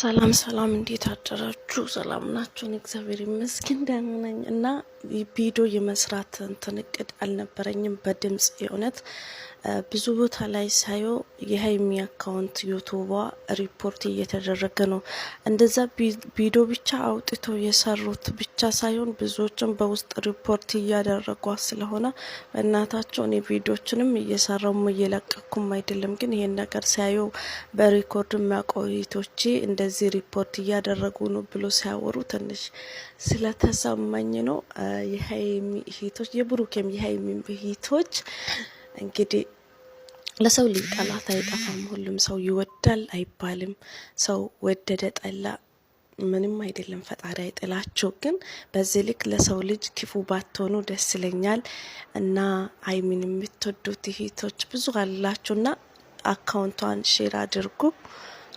ሰላም ሰላም፣ እንዴት አደራችሁ? ሰላም ናችሁን? እግዚአብሔር ይመስገን ደህና ነኝ እና ቪዲዮ የመስራት እንትን እቅድ አልነበረኝም። በድምጽ የእውነት ብዙ ቦታ ላይ ሳየው የሀይሚ አካውንት ዩቱቧ ሪፖርት እየተደረገ ነው። እንደዛ ቪዲዮ ብቻ አውጥቶ የሰሩት ብቻ ሳይሆን ብዙዎችን በውስጥ ሪፖርት እያደረጓ ስለሆነ በእናታቸው እኔ ቪዲዮችንም እየሰራውም እየለቀኩም አይደለም። ግን ይሄን ነገር ሳየው በሪኮርድ ማቆይቶቼ እንደዚህ ሪፖርት እያደረጉ ነው ብሎ ሲያወሩ ትንሽ ስለተሰማኝ ነው። የሀይሚ እህቶች የብሩኬም የሀይሚም እህቶች እንግዲህ ለሰው ልጅ ጠላት አይጠፋም። ሁሉም ሰው ይወዳል አይባልም። ሰው ወደደ ጠላ ምንም አይደለም። ፈጣሪ አይጥላቸው። ግን በዚህ ልክ ለሰው ልጅ ክፉ ባትሆኑ ደስ ይለኛል እና ሀይሚን የምትወዱት እህቶች ብዙ አላችሁ እና አካውንቷን ሼር አድርጉ።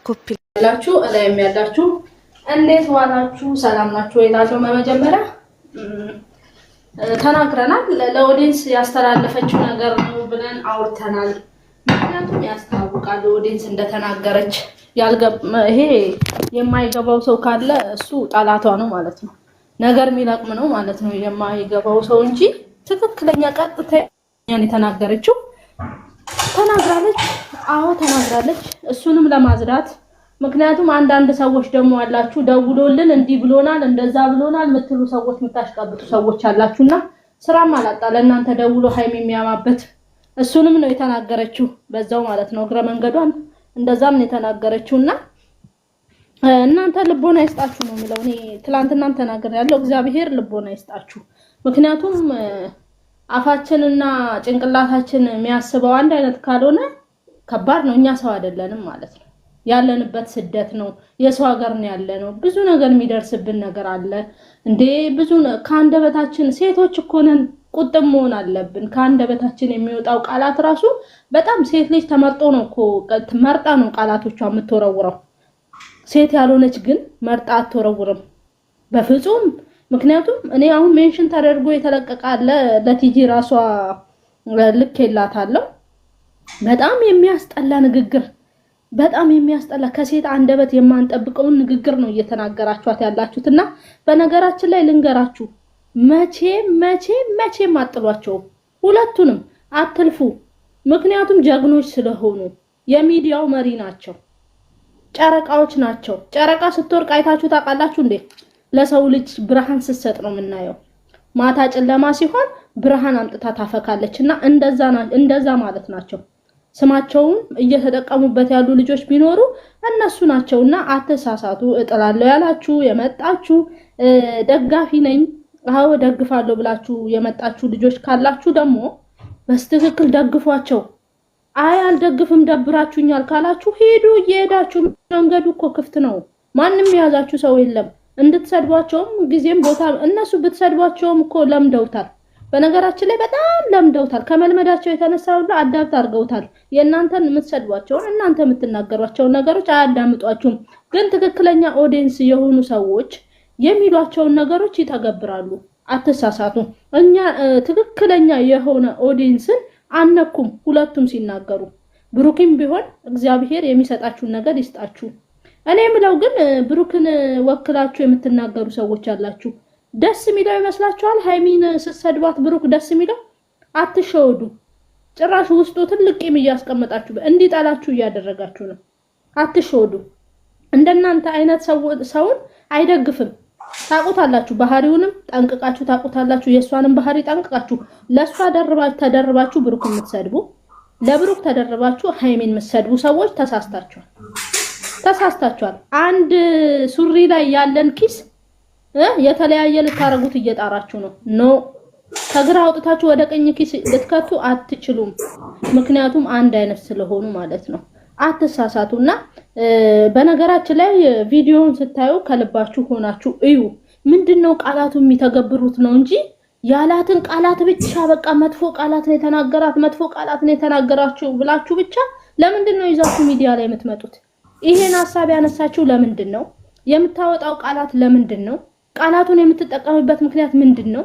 ኮፒ ላችሁ እላይም ያላችሁ እንዴት ዋላችሁ? ሰላም ናችሁ ወይ? ላለው መጀመሪያ ተናግረናል። ለኦዲንስ ያስተላለፈችው ነገር ነው ብለን አውርተናል። ምክንያቱም ያስታውቃል ኦዲንስ እንደተናገረች ይሄ የማይገባው ሰው ካለ እሱ ጠላቷ ነው ማለት ነው። ነገር የሚለቅም ነው ማለት ነው የማይገባው ሰው እንጂ ትክክለኛ ቀጥታ የተናገረችው ተናግራለች። አዎ ተናግራለች። እሱንም ለማዝዳት ምክንያቱም አንዳንድ ሰዎች ደግሞ አላችሁ ደውሎልን እንዲህ ብሎናል እንደዛ ብሎናል የምትሉ ሰዎች የምታሽቃብጡ ሰዎች አላችሁና ስራም አላጣ ለእናንተ ደውሎ ሀይም የሚያማበት እሱንም ነው የተናገረችው፣ በዛው ማለት ነው እግረ መንገዷን እንደዛም ነው የተናገረችው። እና እናንተ ልቦና ይስጣችሁ ነው የሚለው። እኔ ትላንትናም ተናገር ያለው እግዚአብሔር ልቦና ይስጣችሁ። ምክንያቱም አፋችንና ጭንቅላታችን የሚያስበው አንድ አይነት ካልሆነ ከባድ ነው። እኛ ሰው አይደለንም ማለት ነው። ያለንበት ስደት ነው። የሰው ሀገር ነው ያለ ነው። ብዙ ነገር የሚደርስብን ነገር አለ እንዴ ብዙ ከአንደበታችን ሴቶች እኮ ነን። ቁጥብ መሆን አለብን። ከአንደበታችን የሚወጣው ቃላት ራሱ በጣም ሴት ልጅ ተመርጦ ነው እኮ መርጣ ነው ቃላቶቿ የምትወረውረው። ሴት ያልሆነች ግን መርጣ አትወረውርም በፍጹም። ምክንያቱም እኔ አሁን ሜንሽን ተደርጎ የተለቀቀ አለ ለቲጂ ራሷ ልክ አለው በጣም የሚያስጠላ ንግግር በጣም የሚያስጠላ ከሴት አንደበት የማንጠብቀውን ንግግር ነው እየተናገራችኋት ያላችሁት። እና በነገራችን ላይ ልንገራችሁ፣ መቼ መቼ መቼም አጥሏቸውም ሁለቱንም አትልፉ። ምክንያቱም ጀግኖች ስለሆኑ የሚዲያው መሪ ናቸው፣ ጨረቃዎች ናቸው። ጨረቃ ስትወርቅ አይታችሁ ታውቃላችሁ እንዴ? ለሰው ልጅ ብርሃን ስትሰጥ ነው የምናየው። ማታ ጨለማ ሲሆን ብርሃን አምጥታ ታፈካለች። እና እንደዛ ማለት ናቸው። ስማቸውን እየተጠቀሙበት ያሉ ልጆች ቢኖሩ እነሱ ናቸው። እና አተሳሳቱ እጥላለሁ ያላችሁ የመጣችሁ ደጋፊ ነኝ አዎ ደግፋለሁ ብላችሁ የመጣችሁ ልጆች ካላችሁ ደግሞ በስትክክል ደግፏቸው። አይ አልደግፍም ደብራችሁኛል ካላችሁ ሄዱ። እየሄዳችሁ መንገዱ እኮ ክፍት ነው። ማንም የያዛችሁ ሰው የለም። እንድትሰድቧቸውም ጊዜም ቦታ እነሱ ብትሰድቧቸውም እኮ ለምደውታል። በነገራችን ላይ በጣም ለምደውታል። ከመልመዳቸው የተነሳ ሁሉ አዳብት አድርገውታል። የእናንተን የምትሰድቧቸውን እናንተ የምትናገሯቸውን ነገሮች አያዳምጧችሁም። ግን ትክክለኛ ኦዲየንስ የሆኑ ሰዎች የሚሏቸውን ነገሮች ይተገብራሉ። አትሳሳቱ። እኛ ትክክለኛ የሆነ ኦዲየንስን አነኩም። ሁለቱም ሲናገሩ ብሩክም ቢሆን እግዚአብሔር የሚሰጣችሁን ነገር ይስጣችሁ። እኔ የምለው ግን ብሩክን ወክላችሁ የምትናገሩ ሰዎች አላችሁ ደስ የሚለው ይመስላችኋል? ሀይሚን ስትሰድባት ብሩክ ደስ የሚለው አትሸወዱ። ጭራሽ ውስጡ ትልቅ ቂም እያስቀመጣችሁ እንዲጠላችሁ እያደረጋችሁ ነው። አትሸወዱ። እንደናንተ አይነት ሰውን አይደግፍም። ታቁታላችሁ፣ ባህሪውንም ጠንቅቃችሁ ታቁታላችሁ። የእሷንም ባህሪ ጠንቅቃችሁ ለእሷ ተደርባችሁ ብሩክ የምትሰድቡ ለብሩክ ተደርባችሁ ሃይሚን የምትሰድቡ ሰዎች ተሳስታችኋል፣ ተሳስታችኋል። አንድ ሱሪ ላይ ያለን ኪስ የተለያየ ልታረጉት እየጣራችሁ ነው። ኖ ከግራ አውጥታችሁ ወደ ቀኝ ኪስ ልትከቱ አትችሉም። ምክንያቱም አንድ አይነት ስለሆኑ ማለት ነው። አትሳሳቱና በነገራችን ላይ ቪዲዮውን ስታዩ ከልባችሁ ሆናችሁ እዩ። ምንድነው ቃላቱ የሚተገብሩት ነው እንጂ ያላትን ቃላት ብቻ በቃ መጥፎ ቃላት ነው የተናገራት፣ መጥፎ ቃላት ነው የተናገራችሁ ብላችሁ ብቻ ለምንድን ነው ይዛችሁ ሚዲያ ላይ የምትመጡት? ይሄን ሀሳብ ያነሳችሁ ለምንድን ነው? የምታወጣው ቃላት ለምንድን ነው? ቃላቱን የምትጠቀምበት ምክንያት ምንድን ነው?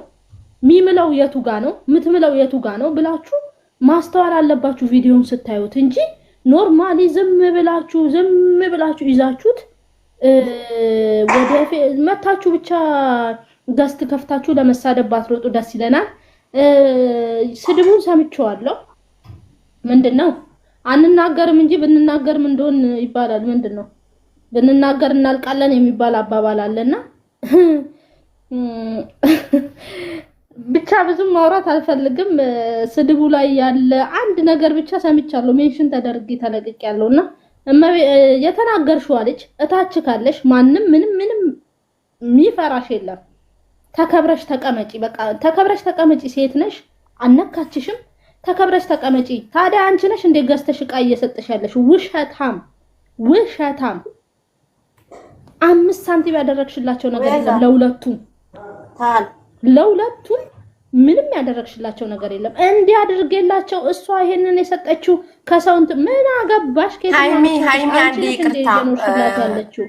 ሚምለው የቱ ጋ ነው? ምትምለው የቱ ጋ ነው ብላችሁ ማስተዋል አለባችሁ ቪዲዮን ስታዩት እንጂ ኖርማሊ ዝም ብላችሁ ዝም ብላችሁ ይዛችሁት ወደ መታችሁ ብቻ ገስት ከፍታችሁ ለመሳደብ ባትሮጡ ደስ ይለናል። ስድቡን ሰምቼዋለሁ። ምንድን ነው አንናገርም እንጂ ብንናገርም እንደሆን ይባላል። ምንድን ነው ብንናገር እናልቃለን የሚባል አባባል አለና ብቻ ብዙም ማውራት አልፈልግም። ስድቡ ላይ ያለ አንድ ነገር ብቻ ሰምቻለሁ። ሜንሽን ተደርጌ ተለቅቅ ያለውና የተናገርሽው አለች። እታች ካለሽ ማንም ምንም ምንም የሚፈራሽ የለም። ተከብረሽ ተቀመጪ። በቃ ተከብረሽ ተቀመጪ። ሴት ነሽ፣ አነካችሽም። ተከብረሽ ተቀመጪ። ታዲያ አንቺ ነሽ እንዴ ገዝተሽ እቃ እየሰጠሽ ያለሽ ውሸታም ውሸታም አምስት ሳንቲም ያደረግሽላቸው ነገር የለም። ለሁለቱም ለሁለቱም ምንም ያደረግሽላቸው ነገር የለም። እንዲህ አድርጌላቸው እሷ ይሄንን የሰጠችው ከሰውንት ምን አገባሽ? ሃይሚ ሃይሚ አንዴ ይቅርታ፣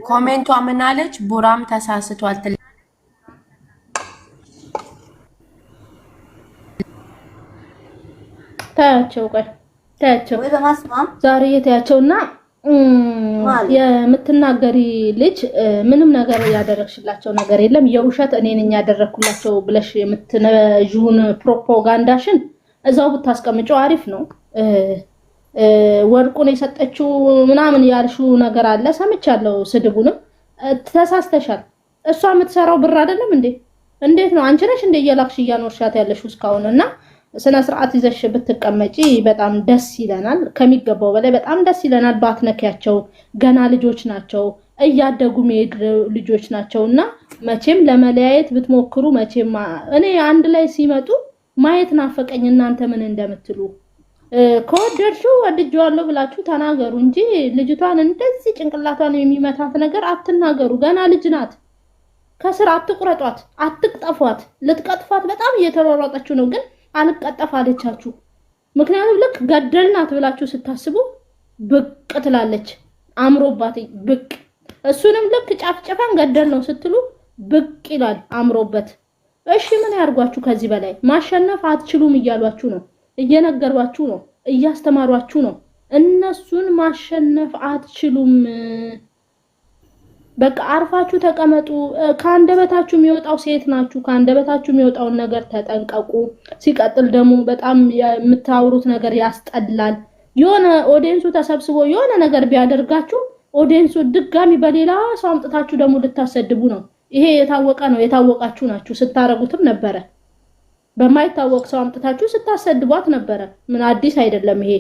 ኮሜንቷ ምን አለች? ቡራም ተሳስቷል ታያቸው፣ ቆይ ታያቸው፣ ዛሬ የታያቸውና የምትናገሪ ልጅ ምንም ነገር ያደረግሽላቸው ነገር የለም። የውሸት እኔ ነኝ ያደረግኩላቸው ብለሽ የምትነዥውን ፕሮፓጋንዳሽን እዛው ብታስቀምጨው አሪፍ ነው። ወርቁን የሰጠችው ምናምን ያልሽው ነገር አለ ሰምቻለሁ። ስድቡንም ተሳስተሻል። እሷ የምትሰራው ብር አይደለም እንዴ? እንዴት ነው አንቺ ነሽ እንደ እየላክሽ እያኖርሻት ያለሽው እስካሁን እና ስነ ስርዓት ይዘሽ ብትቀመጪ በጣም ደስ ይለናል። ከሚገባው በላይ በጣም ደስ ይለናል። በአትነኪያቸው ገና ልጆች ናቸው፣ እያደጉ መሄድ ልጆች ናቸው እና መቼም ለመለያየት ብትሞክሩ መቼም እኔ አንድ ላይ ሲመጡ ማየት ናፈቀኝ። እናንተ ምን እንደምትሉ ከወደድሽው ወድጄዋለሁ ብላችሁ ተናገሩ እንጂ ልጅቷን እንደዚህ ጭንቅላቷን የሚመታት ነገር አትናገሩ። ገና ልጅ ናት። ከስር አትቁረጧት፣ አትቅጠፏት። ልትቀጥፏት በጣም እየተሯሯጠችው ነው ግን አልቀጠፍ አለቻችሁ። ምክንያቱም ልክ ገደልናት ብላችሁ ስታስቡ ብቅ ትላለች አምሮባት ብቅ። እሱንም ልክ ጫፍጭፋን ገደል ነው ስትሉ ብቅ ይላል አምሮበት። እሺ ምን ያርጓችሁ? ከዚህ በላይ ማሸነፍ አትችሉም እያሏችሁ ነው፣ እየነገሯችሁ ነው፣ እያስተማሯችሁ ነው። እነሱን ማሸነፍ አትችሉም በቃ አርፋችሁ ተቀመጡ። ከአንደበታችሁ የሚወጣው ሴት ናችሁ፣ ከአንደበታችሁ የሚወጣውን ነገር ተጠንቀቁ። ሲቀጥል ደግሞ በጣም የምታወሩት ነገር ያስጠላል። የሆነ ኦዲየንሱ ተሰብስቦ የሆነ ነገር ቢያደርጋችሁ ኦዲየንሱ ድጋሚ በሌላ ሰው አምጥታችሁ ደግሞ ልታሰድቡ ነው። ይሄ የታወቀ ነው። የታወቃችሁ ናችሁ። ስታረጉትም ነበረ። በማይታወቅ ሰው አምጥታችሁ ስታሰድቧት ነበረ። ምን አዲስ አይደለም ይሄ።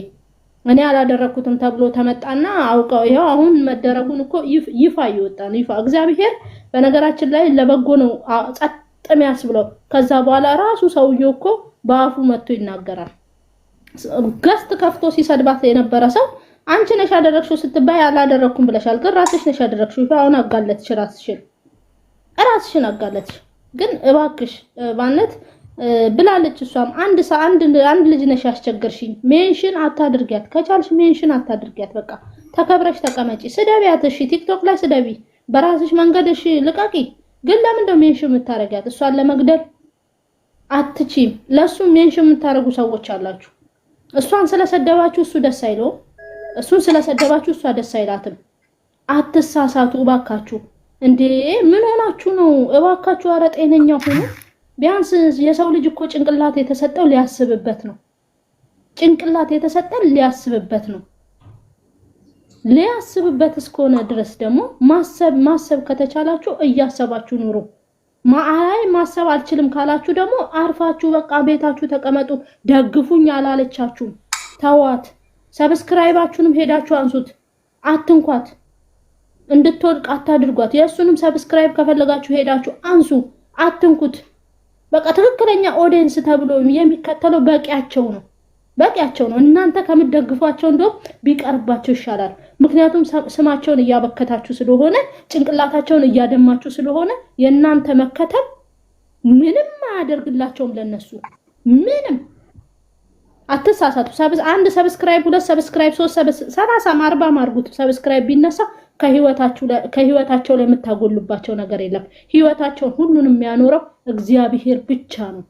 እኔ አላደረኩትም ተብሎ ተመጣና አውቀው ይሄው አሁን መደረጉን እኮ ይፋ እየወጣ ነው። ይፋ እግዚአብሔር በነገራችን ላይ ለበጎ ነው ጸጥ የሚያስብለው። ከዛ በኋላ ራሱ ሰውየው እኮ በአፉ መጥቶ ይናገራል። ገስት ከፍቶ ሲሰድባት የነበረ ሰው አንቺ ነሽ ያደረግሽው ስትባይ አላደረኩም ብለሻል፣ ግን ራስሽ ነሽ ያደረግሽው። ይፋ አሁን አጋለጥሽ፣ ራስሽን ራስሽን አጋለጥሽ። ግን እባክሽ ባነት ብላለች። እሷም አንድ አንድ አንድ ልጅ ነሽ ያስቸገርሽኝ፣ ሜንሽን አታድርጊያት፣ ከቻልሽ ሜንሽን አታድርጊያት። በቃ ተከብረሽ ተቀመጪ። ስደቢያት፣ እሺ ቲክቶክ ላይ ስደቢ፣ በራስሽ መንገድ እሺ፣ ልቀቂ። ግን ለምንድነው ሜንሽን የምታረጊያት? እሷን ለመግደል አትችም። ለሱ ሜንሽን የምታረጉ ሰዎች አላችሁ። እሷን ስለሰደባችሁ እሱ ደስ አይለውም፣ እሱን ስለሰደባችሁ እሷ ደስ አይላትም። አትሳሳቱ እባካችሁ። እንዴ ምን ሆናችሁ ነው? እባካችሁ አረ ጤነኛ ሁኑ። ቢያንስ የሰው ልጅ እኮ ጭንቅላት የተሰጠው ሊያስብበት ነው። ጭንቅላት የተሰጠው ሊያስብበት ነው። ሊያስብበት እስከሆነ ድረስ ደግሞ ማሰብ ማሰብ ከተቻላችሁ እያሰባችሁ ኑሩ። ማአይ ማሰብ አልችልም ካላችሁ ደግሞ አርፋችሁ በቃ ቤታችሁ ተቀመጡ። ደግፉኝ አላለቻችሁም፣ ተዋት። ሰብስክራይባችሁንም ሄዳችሁ አንሱት፣ አትንኳት፣ እንድትወድቅ አታድርጓት። የእሱንም ሰብስክራይብ ከፈለጋችሁ ሄዳችሁ አንሱ፣ አትንኩት። በቃ ትክክለኛ ኦዲየንስ ተብሎ የሚከተለው በቂያቸው ነው በቂያቸው ነው። እናንተ ከምደግፏቸው እንደውም ቢቀርባቸው ይሻላል። ምክንያቱም ስማቸውን እያበከታችሁ ስለሆነ፣ ጭንቅላታቸውን እያደማችሁ ስለሆነ የእናንተ መከተል ምንም አያደርግላቸውም ለነሱ ምንም። አትሳሳቱ። አንድ ሰብስክራይብ፣ ሁለት ሰብስክራይብ፣ ሶስት ሰላሳ አርባም ማርጉት ሰብስክራይብ ቢነሳ ከህይወታቸው ላይ የምታጎሉባቸው ነገር የለም። ህይወታቸውን ሁሉንም የሚያኖረው እግዚአብሔር ብቻ ነው።